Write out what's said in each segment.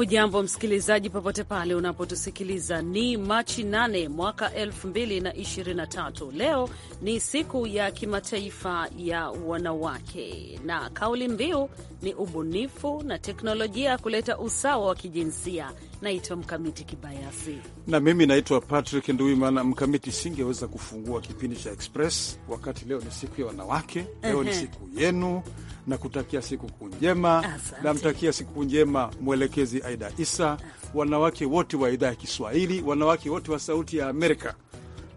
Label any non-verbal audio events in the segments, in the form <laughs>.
Hujambo msikilizaji, popote pale unapotusikiliza. Ni Machi 8 mwaka 2023. Leo ni siku ya kimataifa ya wanawake, na kauli mbiu ni ubunifu na teknolojia kuleta usawa wa kijinsia. Naitwa Mkamiti Kibayasi na mimi naitwa Patrick Nduimana. Mkamiti, singeweza kufungua kipindi cha Express wakati leo ni siku ya wanawake. Leo uh -huh. ni siku yenu na kutakia sikukuu njema. Namtakia sikukuu njema mwelekezi Aida Isa, wanawake wote wa idhaa ya Kiswahili, wanawake wote wa Sauti ya Amerika.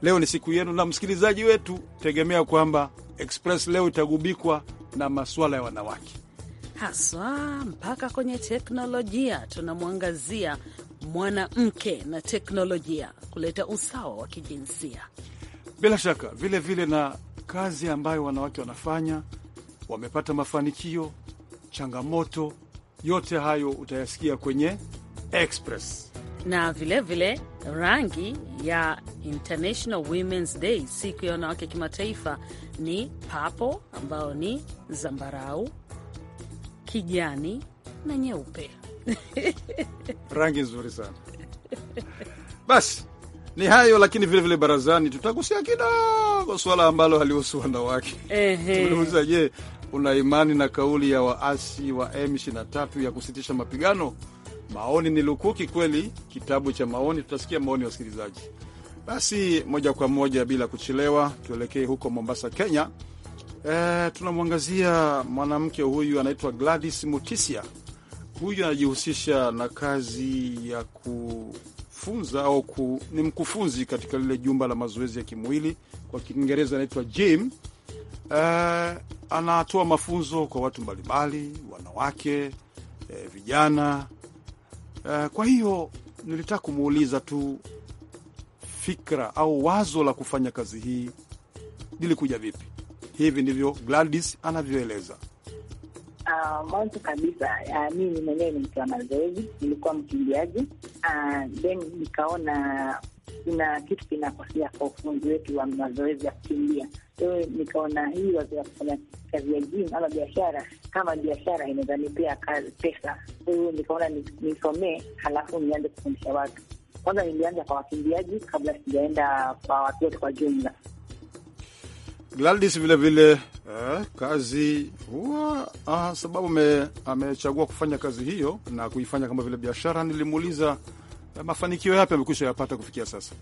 Leo ni siku yenu, na msikilizaji wetu, tegemea kwamba Express leo itagubikwa na maswala ya wanawake haswa, mpaka kwenye teknolojia. Tunamwangazia mwanamke na teknolojia kuleta usawa wa kijinsia, bila shaka vilevile vile na kazi ambayo wanawake wanafanya wamepata mafanikio, changamoto, yote hayo utayasikia kwenye Express na vilevile vile, rangi ya International Women's Day, siku ya wanawake kimataifa, ni papo ambayo ni zambarau, kijani na nyeupe <laughs> rangi nzuri sana. Basi ni hayo, lakini vilevile barazani tutagusia kidogo swala ambalo halihusu wanawake. Tuliuza, je, una imani na kauli ya waasi wa M23 ya kusitisha mapigano? Maoni ni lukuki kweli. Kitabu cha maoni, tutasikia maoni ya wasikilizaji. Basi moja kwa moja bila kuchelewa, tuelekee huko Mombasa, Kenya. E, tunamwangazia mwanamke huyu anaitwa Gladys Mutisia. Huyu anajihusisha na kazi ya kufunza au ku, ni mkufunzi katika lile jumba la mazoezi ya kimwili, kwa Kiingereza anaitwa gym eh, anatoa mafunzo kwa watu mbalimbali, wanawake eh, vijana eh, kwa hiyo nilitaka kumuuliza tu fikra au wazo la kufanya kazi hii lilikuja vipi? Hivi ndivyo Gladys anavyoeleza. Uh, mwanzo kabisa uh, mimi mwenyewe ni mtu wa mazoezi, nilikuwa mkimbiaji uh, then nikaona kuna kitu kinakosea kwa ufunzi wetu wa mazoezi ya kukimbia. Kwa nikaona hii wazi ya kufanya kazi ya jimu ama biashara kama biashara inaweza nipea kazi pesa. kwahiyo nikaona nisomee, halafu nianze kufundisha watu. Kwanza nilianza kwa wakimbiaji kabla sijaenda kwa watu wote kwa jumla. Gladys, vile vile eh, kazi huwa ah, sababu me, amechagua kufanya kazi hiyo na kuifanya kama vile biashara. Nilimuuliza eh, mafanikio yapi amekwisha yapata kufikia sasa.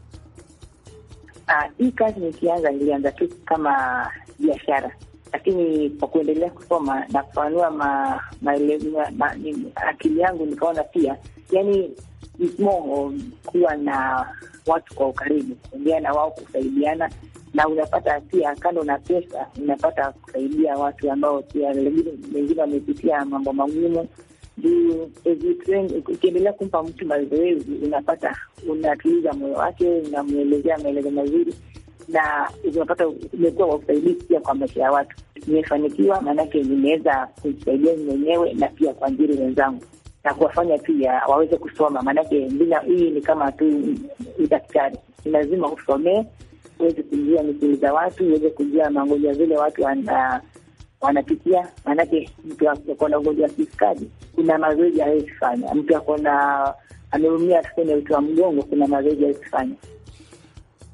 Ah, hii kazi nikianza, nilianza tu kama biashara, lakini kwa kuendelea kusoma na kufanua ma, ma, ma, akili yangu nikaona pia, yani moho kuwa na watu kwa ukaribu, kuongea na wao, kusaidiana na unapata pia, kando na pesa, unapata kusaidia watu ambao pia wengine wamepitia mambo magumu ukiendelea kumpa mtu mazoezi, unapata unatuliza moyo wake, unamwelezea maelezo mazuri, na unapata umekuwa wa pia kwa maisha ya watu. Nimefanikiwa maanake nimeweza kujisaidia mwenyewe na pia kuajiri wenzangu na kuwafanya pia waweze kusoma, maanake bila hii ni kama tu udaktari, lazima usomee uweze kujua misuli za watu, uweze kujua magonjwa zile watu wana wanapitia, maanake mtu ako na ugonjwa wa kisukari, kuna mazoezi hawezi kufanya. Mtu ako na ameumia tuseme uti wa mgongo, kuna mazoezi hawezi kufanya.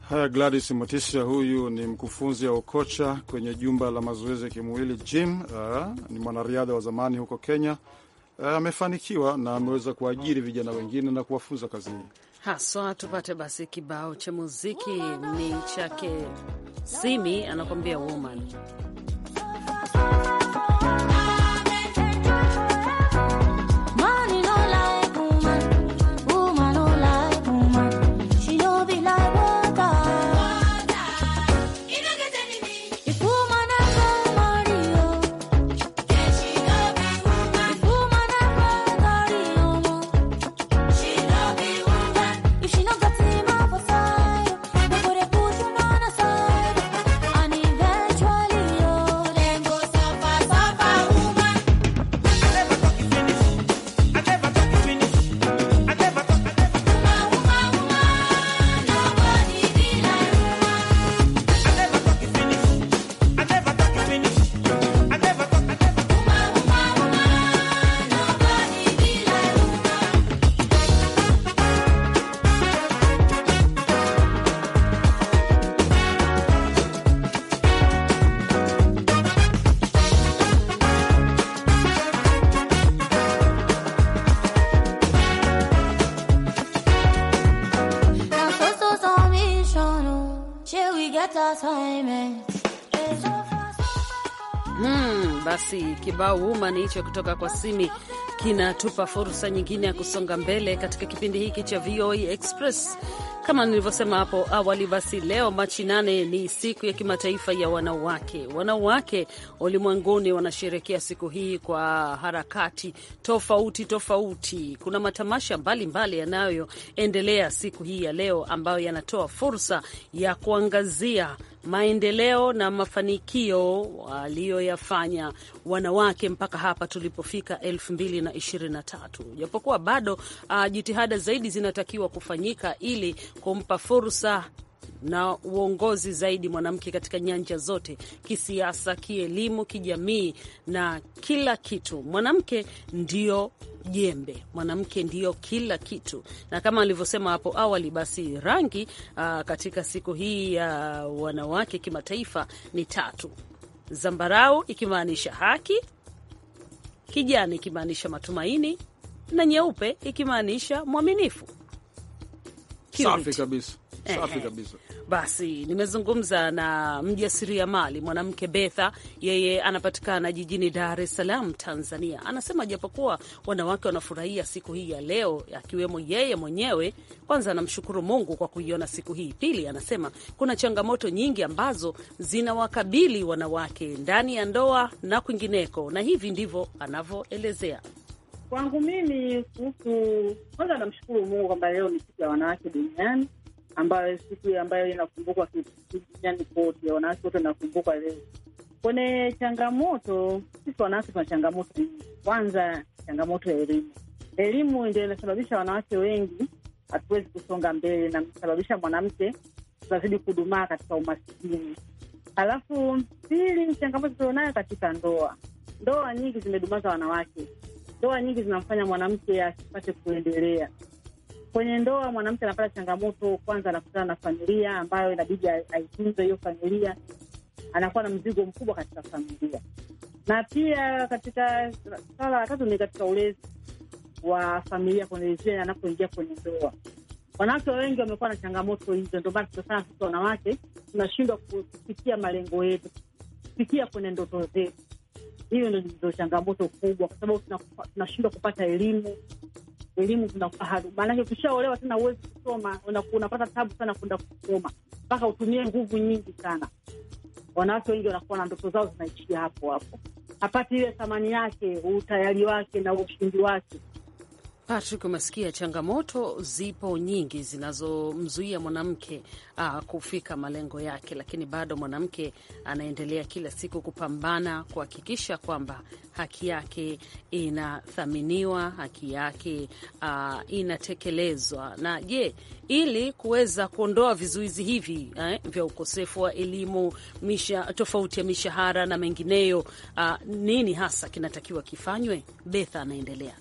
Haya, Gladys Mutisha huyu ni mkufunzi au kocha kwenye jumba la mazoezi ya kimwili gym. Uh, ni mwanariadha wa zamani huko Kenya. Eh, amefanikiwa uh, na ameweza kuajiri vijana wengine na kuwafunza kazi hii haswa. Tupate basi kibao cha muziki, ni chake Simi anakuambia woman Hmm, basi kibao woman hicho kutoka kwa Simi kinatupa fursa nyingine ya kusonga mbele katika kipindi hiki cha VOA e Express kama nilivyosema hapo awali, basi leo Machi nane ni siku ya kimataifa ya wanawake. Wanawake ulimwenguni wanasherekea siku hii kwa harakati tofauti tofauti. Kuna matamasha mbalimbali yanayoendelea siku hii ya leo ambayo yanatoa fursa ya kuangazia maendeleo na mafanikio waliyoyafanya wanawake mpaka hapa tulipofika elfu mbili na ishirini na tatu japokuwa bado uh, jitihada zaidi zinatakiwa kufanyika ili kumpa fursa na uongozi zaidi mwanamke katika nyanja zote, kisiasa, kielimu, kijamii na kila kitu. Mwanamke ndio jembe, mwanamke ndio kila kitu. Na kama alivyosema hapo awali, basi rangi aa, ah, katika siku hii ya wanawake kimataifa ni tatu: zambarau ikimaanisha haki, kijani ikimaanisha matumaini, na nyeupe ikimaanisha mwaminifu. Safi kabisa. Eh, Safi eh. kabisa. Basi nimezungumza na mjasiriamali mwanamke Betha, yeye anapatikana jijini Dar es Salaam, Tanzania. Anasema japokuwa wanawake wanafurahia siku hii ya leo, akiwemo yeye mwenyewe, kwanza anamshukuru Mungu kwa kuiona siku hii. Pili, anasema kuna changamoto nyingi ambazo zinawakabili wanawake ndani ya ndoa na kwingineko, na hivi ndivyo anavyoelezea. Kwangu mimi kuhusu, kwanza namshukuru Mungu kwamba leo ni siku ya wanawake duniani, ambayo siku ambayo inakumbukwa duniani kote, wanawake wote inakumbukwa leo. Kwenye changamoto, sisi wanawake tuna changamoto nyingi. Kwanza changamoto ya elimu. Elimu ndio inasababisha wanawake wengi hatuwezi kusonga mbele, na kusababisha mwanamke tunazidi kudumaa katika umasikini. Alafu pili, changamoto tulionayo katika ndoa. Ndoa nyingi zimedumaza wanawake Ndoa nyingi zinamfanya mwanamke asipate kuendelea kwenye ndoa. Mwanamke anapata changamoto, kwanza anakutana na familia ambayo inabidi aitunze hiyo familia, anakuwa na mzigo mkubwa katika familia. Na pia katika swala la tatu ni katika ulezi wa familia kwenye anapoingia kwenye ndoa. Wanawake wengi wamekuwa na changamoto hizo, ndio maana tunasema sisi wanawake tunashindwa kufikia malengo yetu, kufikia kwenye ndoto zetu. Hiyo ndio changamoto kubwa, kwa sababu tunashindwa kupata elimu elimu tunafahamu, maanake, ukishaolewa tena uwezi kusoma, unapata tabu sana kwenda kusoma, mpaka utumie nguvu nyingi sana. Wanawake wengi wanakuwa na ndoto zao zinaishia hapo hapo, hapati ile thamani yake, utayari wake na ushindi wake. Patrick, umesikia changamoto zipo nyingi zinazomzuia mwanamke uh, kufika malengo yake, lakini bado mwanamke anaendelea kila siku kupambana kuhakikisha kwamba haki yake inathaminiwa, haki yake uh, inatekelezwa. Na je, ili kuweza kuondoa vizuizi hivi eh, vya ukosefu wa elimu, misha, tofauti ya mishahara na mengineyo, uh, nini hasa kinatakiwa kifanywe? Betha anaendelea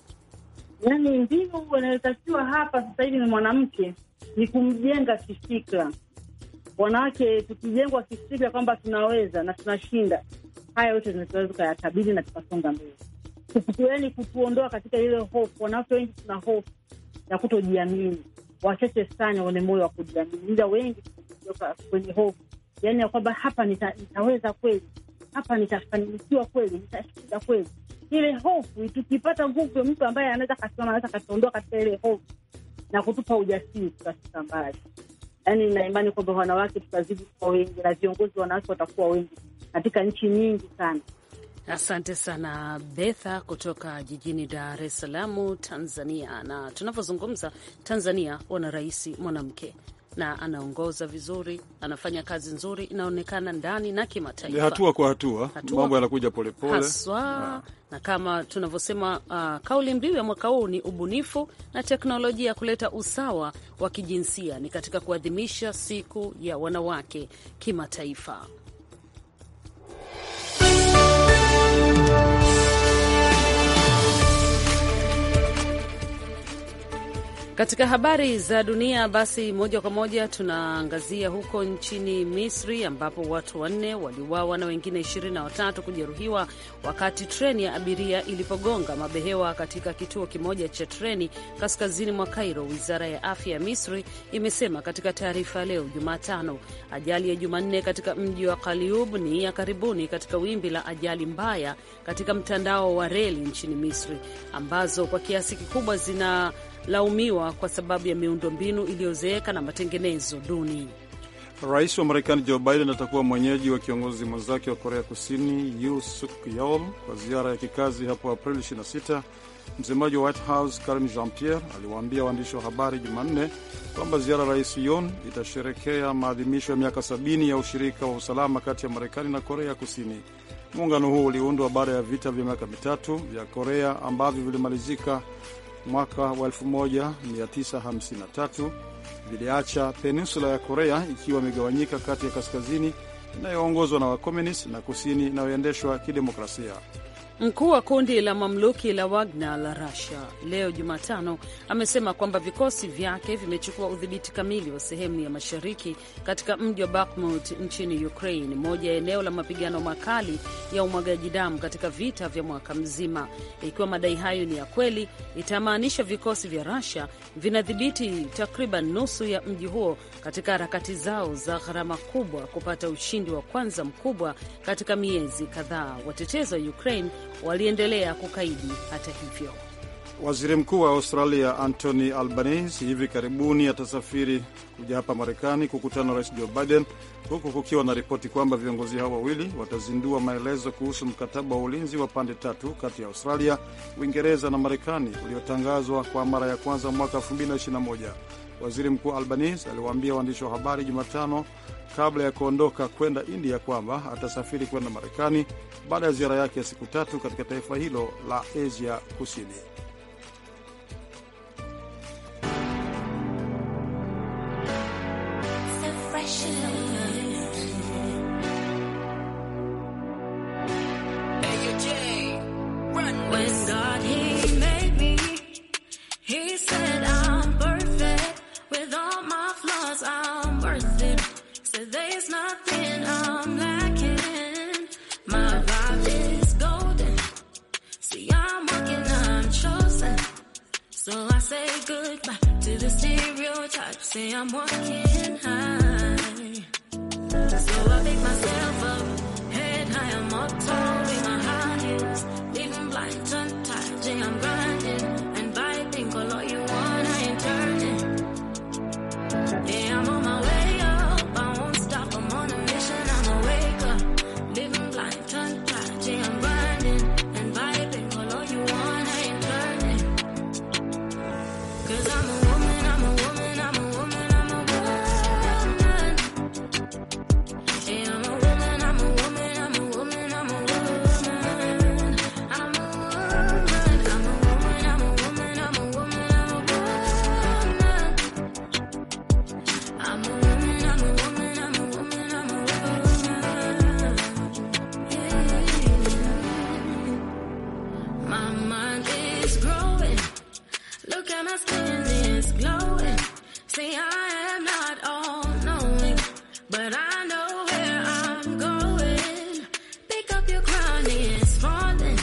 yani ndiyo wanayotakiwa hapa sasa hivi ni mwanamke ni kumjenga kifikra. Wanawake tukijengwa kifikra kwamba tunaweza na tunashinda, haya yote tunaweza tukayakabili na tukasonga mbele, yani kutuondoa katika ile hofu. Wanawake wengi tuna hofu ya kutojiamini, wachache sana wenye moyo wa kujiamini, ila wengi kwenye hofu, yani ya kwamba hapa nita, nitaweza kweli, hapa nitafanikiwa kweli, nitashinda kweli ile hofu, tukipata nguvu ya mtu ambaye anaweza akasimama, anaweza akatuondoa katika ile hofu na kutupa ujasiri tukafika mbali. yani naimani imani kwamba wanawake tutazidi kuwa wengi na viongozi wanawake watakuwa wengi katika nchi nyingi sana. Asante sana Betha kutoka jijini Dar es Salaam, Tanzania. Na tunavyozungumza, Tanzania wana rais mwanamke na anaongoza vizuri, anafanya kazi nzuri inaonekana ndani na kimataifa, hatua kwa hatua, mambo yanakuja polepole haswa na, ah. na kama tunavyosema uh, kauli mbiu ya mwaka huu ni ubunifu na teknolojia ya kuleta usawa wa kijinsia, ni katika kuadhimisha siku ya wanawake kimataifa. Katika habari za dunia basi, moja kwa moja tunaangazia huko nchini Misri ambapo watu wanne waliuawa na wengine 23 kujeruhiwa wakati treni ya abiria ilipogonga mabehewa katika kituo kimoja cha treni kaskazini mwa Kairo. Wizara ya afya ya Misri imesema katika taarifa leo Jumatano. Ajali ya Jumanne katika mji wa Kaliub ni ya karibuni katika wimbi la ajali mbaya katika mtandao wa reli nchini Misri ambazo kwa kiasi kikubwa zina laumiwa kwa sababu ya miundombinu iliyozeeka na matengenezo duni. Rais wa Marekani Joe Biden atakuwa mwenyeji wa kiongozi mwenzake wa Korea Kusini yu Suk Yeol kwa ziara ya kikazi hapo Aprili 26. Msemaji wa White House Karine Jean Pierre aliwaambia waandishi wa habari Jumanne kwamba ziara ya rais yon itasherekea maadhimisho ya miaka 70 ya ushirika wa usalama kati ya Marekani na Korea Kusini. Muungano huo uliundwa baada ya vita vya miaka mitatu vya Korea ambavyo vilimalizika mwaka wa 1953 viliacha peninsula ya Korea ikiwa imegawanyika kati ya kaskazini inayoongozwa na wakomunist na kusini inayoendeshwa kidemokrasia. Mkuu wa kundi la mamluki la Wagner la Russia leo Jumatano amesema kwamba vikosi vyake vimechukua udhibiti kamili wa sehemu ya mashariki katika mji wa Bakhmut nchini Ukraine, moja ya eneo la mapigano makali ya umwagaji damu katika vita vya mwaka mzima. Ikiwa madai hayo ni ya kweli, itamaanisha vikosi vya Russia vinadhibiti takriban nusu ya mji huo katika harakati zao za gharama kubwa kupata ushindi wa kwanza mkubwa katika miezi kadhaa. Watetezi wa Ukraine waliendelea kukaidi. Hata hivyo, waziri mkuu wa Australia Anthony Albanese hivi karibuni atasafiri kuja hapa Marekani kukutana na rais Joe Biden, huku kukiwa na ripoti kwamba viongozi hao wawili watazindua maelezo kuhusu mkataba wa ulinzi wa pande tatu kati ya Australia, Uingereza na Marekani uliotangazwa kwa mara ya kwanza mwaka 2021. Waziri Mkuu Albanese aliwaambia waandishi wa habari Jumatano kabla ya kuondoka kwenda India kwamba atasafiri kwenda Marekani baada ya ziara yake ya siku tatu katika taifa hilo la Asia Kusini. not all knowing, but I know where I'm going. Pick up your crown, it's falling.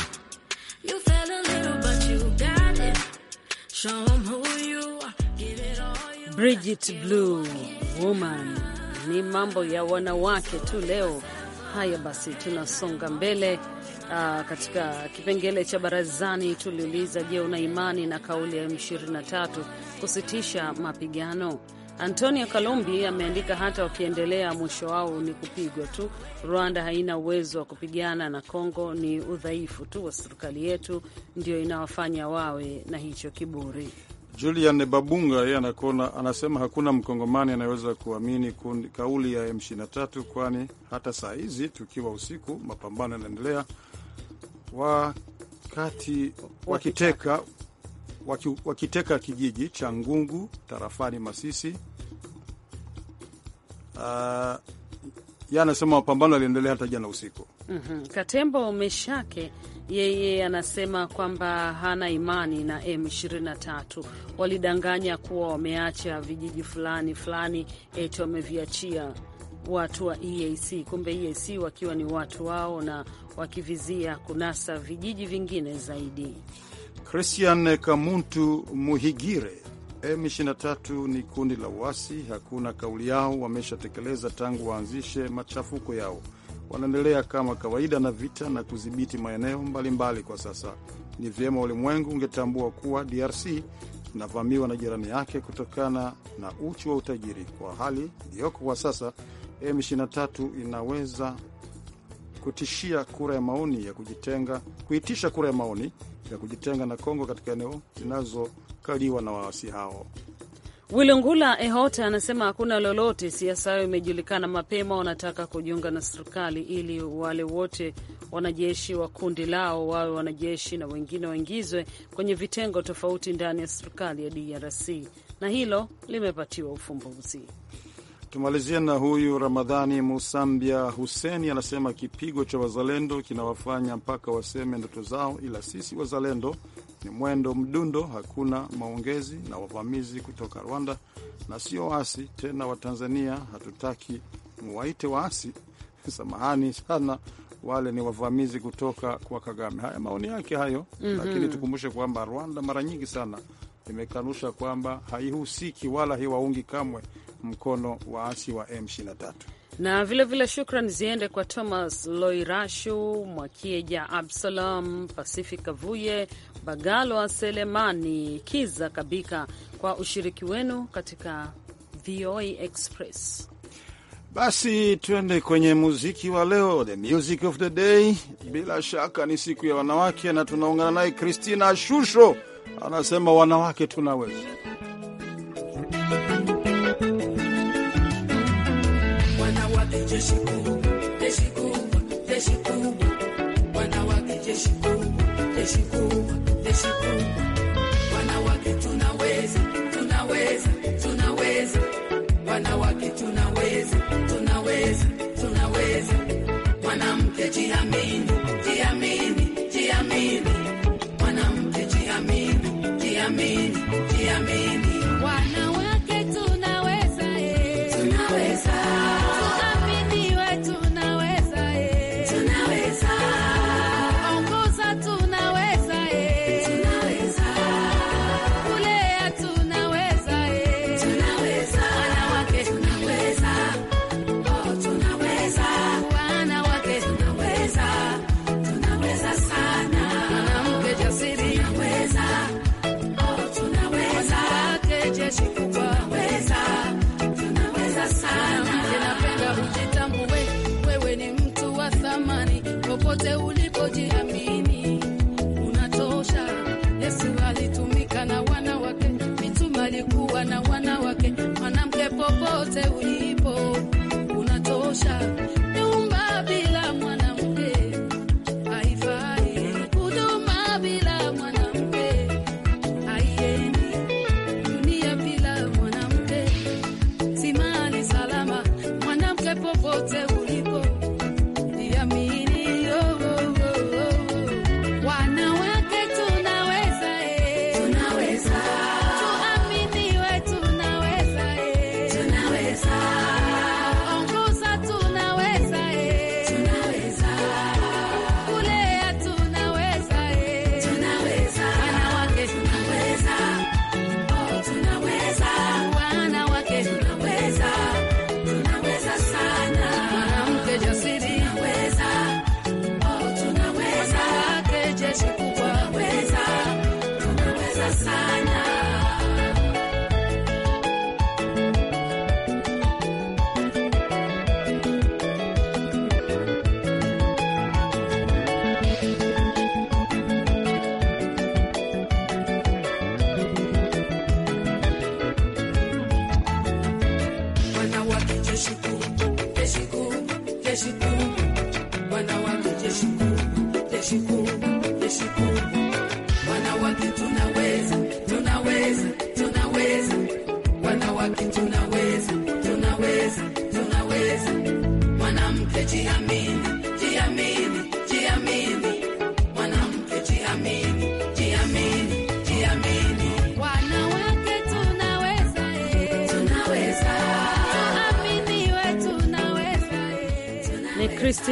You fell a little, but you got it. Show them who you are, give it all you Bridget Blue Woman ni mambo ya wanawake tu leo. Haya basi, tunasonga mbele. Uh, katika kipengele cha barazani tuliuliza, je, una imani na kauli ya M23 kusitisha mapigano? Antonio Kalumbi ameandika hata wakiendelea, mwisho wao ni kupigwa tu. Rwanda haina uwezo wa kupigana na Kongo, ni udhaifu tu wa serikali yetu ndio inawafanya wawe na hicho kiburi. Julian Babunga yeye anasema hakuna mkongomani anayeweza kuamini kundi, kauli ya M23 kwani hata saa hizi tukiwa usiku mapambano yanaendelea wakati wakiteka waki, wakiteka kijiji cha Ngungu tarafani Masisi. Uh, ah, ya anasema mapambano yaliendelea hata jana usiku. mm -hmm. Katembo Meshake yeye anasema kwamba hana imani na M23, walidanganya kuwa wameacha vijiji fulani fulani eti wameviachia watu wa EAC, kumbe EAC wakiwa ni watu wao na wakivizia kunasa vijiji vingine zaidi. Christian Kamuntu Muhigire. M23 ni kundi la uasi, hakuna kauli yao wameshatekeleza tangu waanzishe machafuko yao. Wanaendelea kama kawaida na vita na kudhibiti maeneo mbalimbali mbali. Kwa sasa ni vyema ulimwengu ungetambua kuwa DRC inavamiwa na jirani yake kutokana na uchu wa utajiri. Kwa hali iliyoko kwa sasa, M23 inaweza kutishia kura ya maoni ya kujitenga, kuitisha kura ya maoni ya kujitenga na Kongo katika eneo zinazokaliwa na waasi hao. Wilungula Ehota anasema hakuna lolote, siasa hayo imejulikana mapema. Wanataka kujiunga na serikali ili wale wote wanajeshi wa kundi lao wawe wanajeshi na wengine waingizwe kwenye vitengo tofauti ndani ya serikali ya DRC, na hilo limepatiwa ufumbuzi tumalizie na huyu Ramadhani Musambia Huseni anasema kipigo cha wazalendo kinawafanya mpaka waseme ndoto zao, ila sisi wazalendo ni mwendo mdundo, hakuna maongezi na wavamizi kutoka Rwanda na sio waasi tena. Watanzania hatutaki muwaite waasi, <laughs> samahani sana, wale ni wavamizi kutoka kwa Kagame. Haya maoni yake hayo. mm -hmm. Lakini tukumbushe kwamba Rwanda mara nyingi sana imekanusha kwamba haihusiki wala hiwaungi kamwe mkono waasi wa M23 na vilevile shukran ziende kwa Thomas Loirashu, Mwakieja Absalom, pacific avuye Bagalwa Selemani, Kiza Kabika kwa ushiriki wenu katika VOA Express. Basi tuende kwenye muziki wa leo, the music of the day. Bila shaka ni siku ya wanawake, na tunaungana naye Christina Shusho, anasema wanawake tunaweza jeshi kubwa, jeshi kubwa, tunaweza, tunaweza, tunaweza, mwanamke, wanawake, tunaweza, eh. tunaweza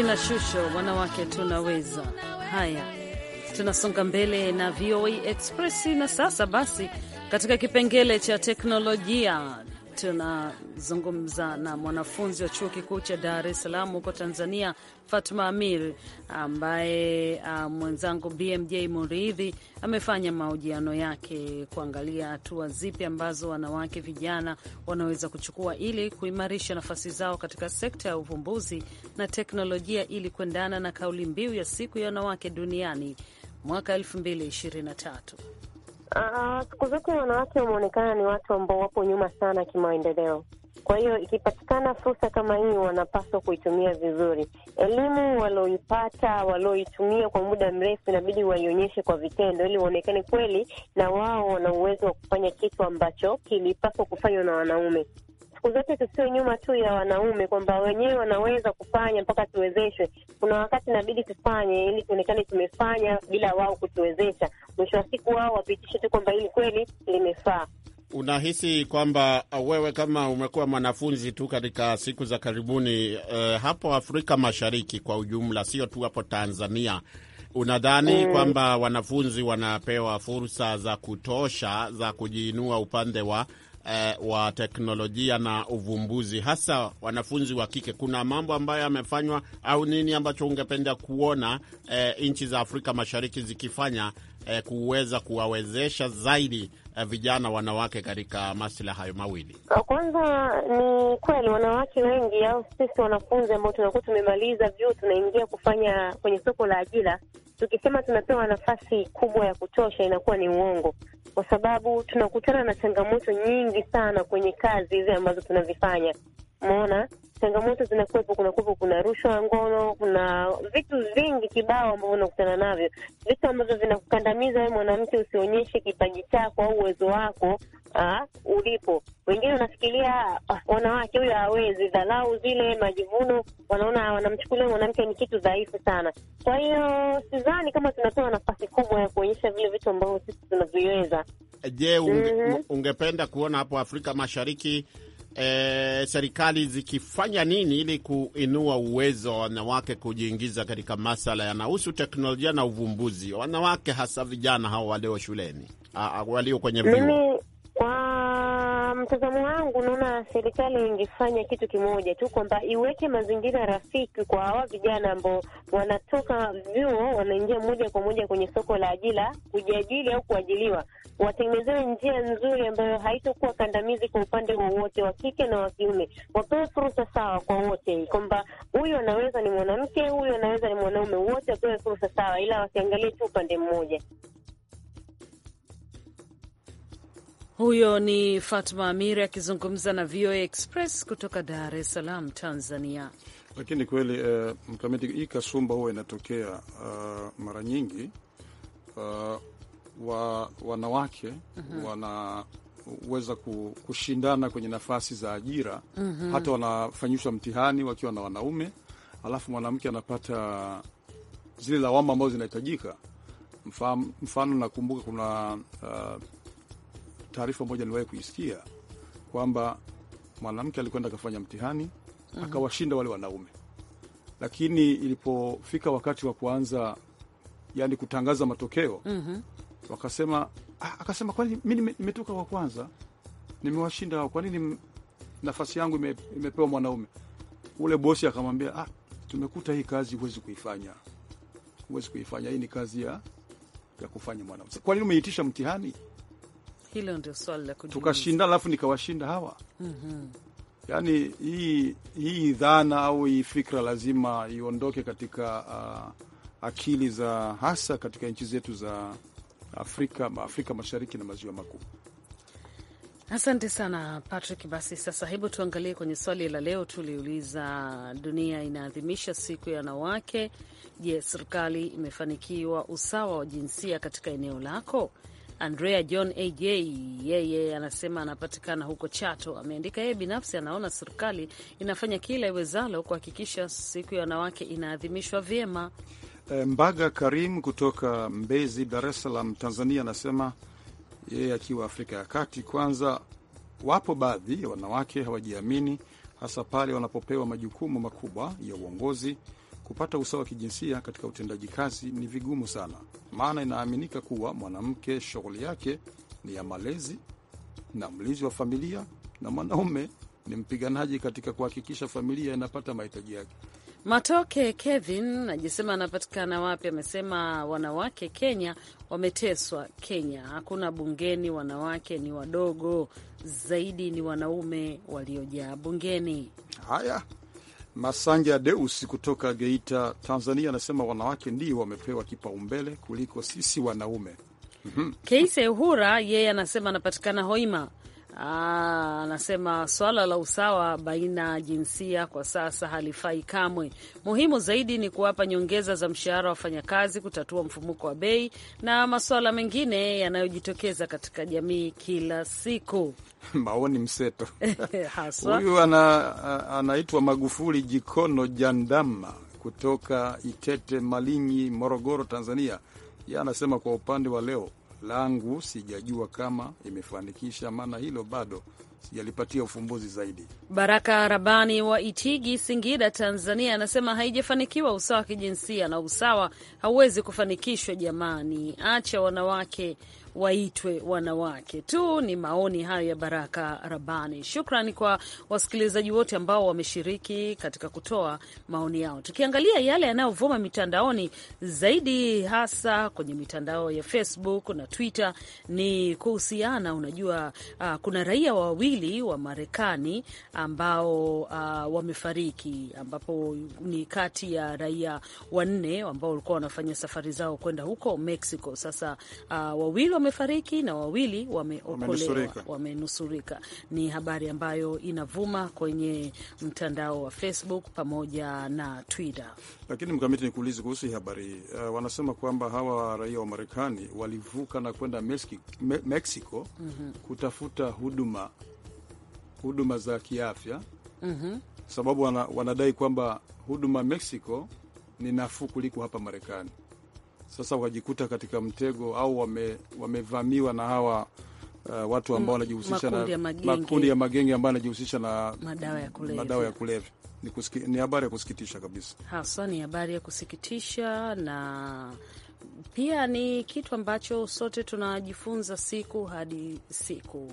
Sina shusho, wanawake tunaweza. Haya, tunasonga mbele na VOA Express na sasa basi, katika kipengele cha teknolojia tunazungumza na mwanafunzi wa chuo kikuu cha Dar es Salaam huko Tanzania, Fatma Amir, ambaye ah, mwenzangu BMJ Muridhi amefanya mahojiano yake kuangalia hatua zipi ambazo wanawake vijana wanaweza kuchukua ili kuimarisha nafasi zao katika sekta ya uvumbuzi na teknolojia ili kuendana na kauli mbiu ya siku ya wanawake duniani mwaka 2023. Ah, siku zote wanawake wameonekana ni watu ambao wapo nyuma sana kimaendeleo. Kwa hiyo ikipatikana fursa kama hii, wanapaswa kuitumia vizuri. Elimu walioipata, walioitumia kwa muda mrefu, inabidi waionyeshe kwa vitendo, ili waonekane kweli na wao wana uwezo wa kufanya kitu ambacho kilipaswa kufanywa na wanaume siku zote tusiwe nyuma tu ya wanaume, kwamba wenyewe wanaweza kufanya mpaka tuwezeshwe. Kuna wakati inabidi tufanye ili tuonekane tumefanya bila wao kutuwezesha. Mwisho wa siku wao wapitishe tu kwamba hili kweli limefaa. Unahisi kwamba wewe kama umekuwa mwanafunzi tu katika siku za karibuni eh, hapo Afrika Mashariki kwa ujumla, sio tu hapo Tanzania, unadhani mm, kwamba wanafunzi wanapewa fursa za kutosha za kujiinua upande wa eh, wa teknolojia na uvumbuzi, hasa wanafunzi wa kike, kuna mambo ambayo yamefanywa au nini ambacho ungependa kuona eh, nchi za Afrika Mashariki zikifanya eh, kuweza kuwawezesha zaidi eh, vijana wanawake katika masuala hayo mawili? Kwanza ni kweli wanawake wengi au sisi wanafunzi ambao tunakuwa tumemaliza vyuo tunaingia kufanya kwenye soko la ajira tukisema tunapewa nafasi kubwa ya kutosha inakuwa ni uongo, kwa sababu tunakutana na changamoto nyingi sana kwenye kazi hizi ambazo tunavifanya Umeona, changamoto zinakuwepo, kunakuwepo, kuna rushwa ya ngono, kuna vitu vingi kibao ambavyo unakutana navyo, vitu ambavyo vinakukandamiza wewe mwanamke usionyeshe kipaji chako au uwezo wako uh, ulipo. Wengine wanafikiria uh, wanawake huyo hawezi, dhalau zile, majivuno, wanaona wanamchukulia mwanamke ni kitu dhaifu sana. Kwa hiyo sidhani kama tunatoa nafasi kubwa ya kuonyesha vile vitu ambavyo sisi tunaviweza. Je, unge, mm -hmm. ungependa kuona hapo Afrika Mashariki E, serikali zikifanya nini ili kuinua uwezo wa wanawake kujiingiza katika masala yanahusu teknolojia na uvumbuzi, wanawake hasa vijana hao walio shuleni, walio kwenye vyuo? Kwa mtazamo wangu, naona serikali ingefanya kitu kimoja tu kwamba iweke mazingira rafiki kwa hawa vijana ambao wanatoka vyuo wanaingia moja kwa moja kwenye soko la ajira kujiajili au kuajiliwa, watengenezewe njia nzuri ambayo haitokuwa kandamizi kwa upande wowote, wa kike na wa kiume. Wapewe fursa sawa kwa wote, kwamba huyu anaweza ni mwanamke, huyu anaweza ni mwanaume, wote wapewe fursa sawa, ila wasiangalie tu upande mmoja. Huyo ni Fatma Amiri akizungumza na VOA Express kutoka Dar es Salaam, Tanzania. Lakini kweli eh, mkamiti hii kasumba huwa inatokea uh, mara nyingi uh, wa, wanawake uh mhm. -huh. wanaweza kushindana kwenye nafasi za ajira uh mhm. -huh. hata wanafanyishwa mtihani wakiwa na wanaume, alafu mwanamke anapata zile lawama ambazo zinahitajika. Mfano, nakumbuka kuna uh, taarifa moja niliwahi kuisikia kwamba mwanamke alikwenda akafanya mtihani mm -hmm. akawashinda wale wanaume, lakini ilipofika wakati wa kuanza yani kutangaza matokeo mm -hmm. wakasema ah, akasema kwani mi nimetoka wa kwanza nimewashinda hao, kwa nini nafasi yangu ime, imepewa mwanaume? Ule bosi akamwambia ah, tumekuta hii kazi huwezi kuifanya, huwezi kuifanya, hii ni kazi ya, ya kufanya mwanaume. Kwa nini umeitisha mtihani? Hilo ndio swali la kujiuliza. Tukashinda alafu nikawashinda hawa mm -hmm. hii, hii dhana au hii fikra lazima iondoke katika uh, akili za hasa katika nchi zetu za Afrika, Afrika Mashariki na Maziwa Makuu. Asante sana Patrick. Basi sasa, hebu tuangalie kwenye swali la leo. Tuliuliza, dunia inaadhimisha siku ya wanawake. Je, serikali imefanikiwa usawa wa jinsia katika eneo lako? Andrea John AJ yeye anasema anapatikana huko Chato. Ameandika yeye binafsi anaona serikali inafanya kila iwezalo kuhakikisha siku ya wanawake inaadhimishwa vyema. Eh, Mbaga Karim kutoka Mbezi, Dar es Salaam, Tanzania, anasema yeye akiwa Afrika ya Kati, kwanza wapo baadhi ya wanawake hawajiamini, hasa pale wanapopewa majukumu makubwa ya uongozi kupata usawa wa kijinsia katika utendaji kazi ni vigumu sana, maana inaaminika kuwa mwanamke shughuli yake ni ya malezi na mlinzi wa familia na mwanaume ni mpiganaji katika kuhakikisha familia inapata mahitaji yake. Matoke Kevin najisema anapatikana wapi? Amesema wanawake Kenya wameteswa. Kenya hakuna bungeni, wanawake ni wadogo zaidi, ni wanaume waliojaa bungeni. Haya, Masanja Deus kutoka Geita, Tanzania, anasema wanawake ndio wamepewa kipaumbele kuliko sisi wanaume. Mm -hmm. Keise Uhura yeye anasema anapatikana Hoima Ah, anasema swala la usawa baina jinsia kwa sasa halifai kamwe. Muhimu zaidi ni kuwapa nyongeza za mshahara wa wafanyakazi, kutatua mfumuko wa bei na masuala mengine yanayojitokeza katika jamii kila siku. <laughs> Maoni mseto <laughs> huyu ana, anaitwa Magufuli Jikono Jandama kutoka Itete, Malinyi, Morogoro, Tanzania. Ye anasema kwa upande wa leo langu sijajua kama imefanikisha, maana hilo bado sijalipatia ufumbuzi zaidi. Baraka Rabani wa Itigi, Singida, Tanzania, anasema haijafanikiwa. Usawa wa kijinsia na usawa hauwezi kufanikishwa jamani, acha wanawake waitwe wanawake tu. Ni maoni hayo ya Baraka Rabani. Shukran kwa wasikilizaji wote ambao wameshiriki katika kutoa maoni yao. Tukiangalia yale yanayovuma mitandaoni zaidi, hasa kwenye mitandao ya Facebook na Twitter ni kuhusiana, unajua uh, kuna raia wawili wa Marekani ambao uh, wamefariki, ambapo ni kati ya raia wanne ambao walikuwa wanafanya safari zao kwenda huko Mexico. Sasa uh, wawili wamefariki na wawili wameokolewa, wamenusurika. Ni habari ambayo inavuma kwenye mtandao wa Facebook pamoja na Twitter. Lakini Mkamiti, nikuulizi kuhusu hii habari uh, wanasema kwamba hawa raia wa Marekani walivuka na kwenda Mexico mm -hmm. kutafuta huduma huduma za kiafya mm -hmm. sababu wana, wanadai kwamba huduma Mexico ni nafuu kuliko hapa Marekani sasa wakajikuta katika mtego au wame, wamevamiwa na hawa uh, watu ambao mm, wanajihusisha na makundi ya magenge ambayo anajihusisha na madawa ya kulevya. Ni, ni habari ya kusikitisha kabisa, haswa ni habari ya kusikitisha na pia ni kitu ambacho sote tunajifunza siku hadi siku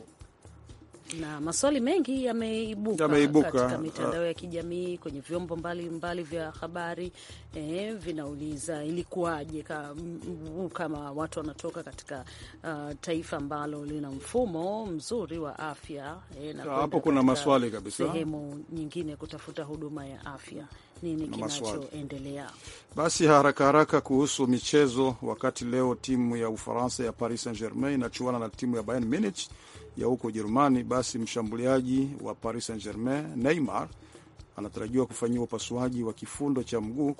na maswali mengi yameibuka, ya katika mitandao ya ah. kijamii, kwenye vyombo mbalimbali vya habari eh, vinauliza ilikuwaje mm, kama watu wanatoka katika uh, taifa ambalo lina mfumo mzuri wa afya eh, na ah, hapo kuna maswali kabisa, sehemu nyingine kutafuta huduma ya afya nini kinachoendelea. Basi haraka haraka kuhusu michezo, wakati leo timu ya Ufaransa ya Paris Saint Germain inachuana na timu ya Bayern Munich ya huko Ujerumani, basi mshambuliaji wa Paris Saint-Germain Neymar anatarajiwa kufanyiwa upasuaji wa kifundo cha mguu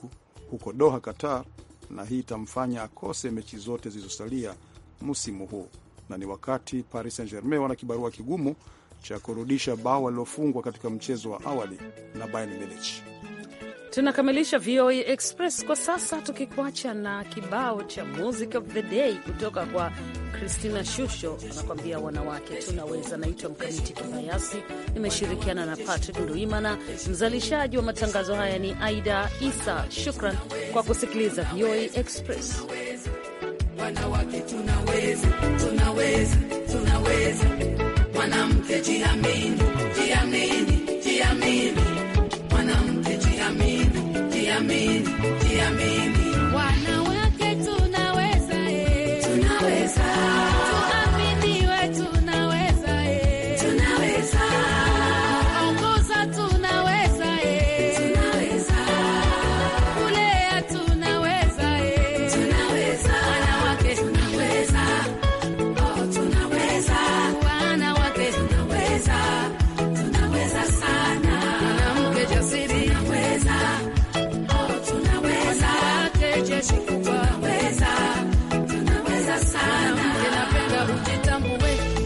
huko Doha, Qatar, na hii itamfanya akose mechi zote zilizosalia msimu huu, na ni wakati Paris Saint-Germain wana kibarua kigumu cha kurudisha bao walilofungwa katika mchezo wa awali na Bayern Munich. Tunakamilisha VOA Express kwa sasa, tukikuacha na kibao cha music of the day kutoka kwa Kristina Shusho anakuambia wanawake tunaweza. Naitwa Mkamiti Kibayasi, nimeshirikiana na Patrick Nduimana. Mzalishaji wa matangazo haya ni Aida Isa. Shukran kwa kusikiliza VOA Express. Wanawake tunaweza, tunaweza, tunaweza. Mwanamke jiamini, jiamini, jiamini. Mwanamke jiamini, jiamini, jiamini.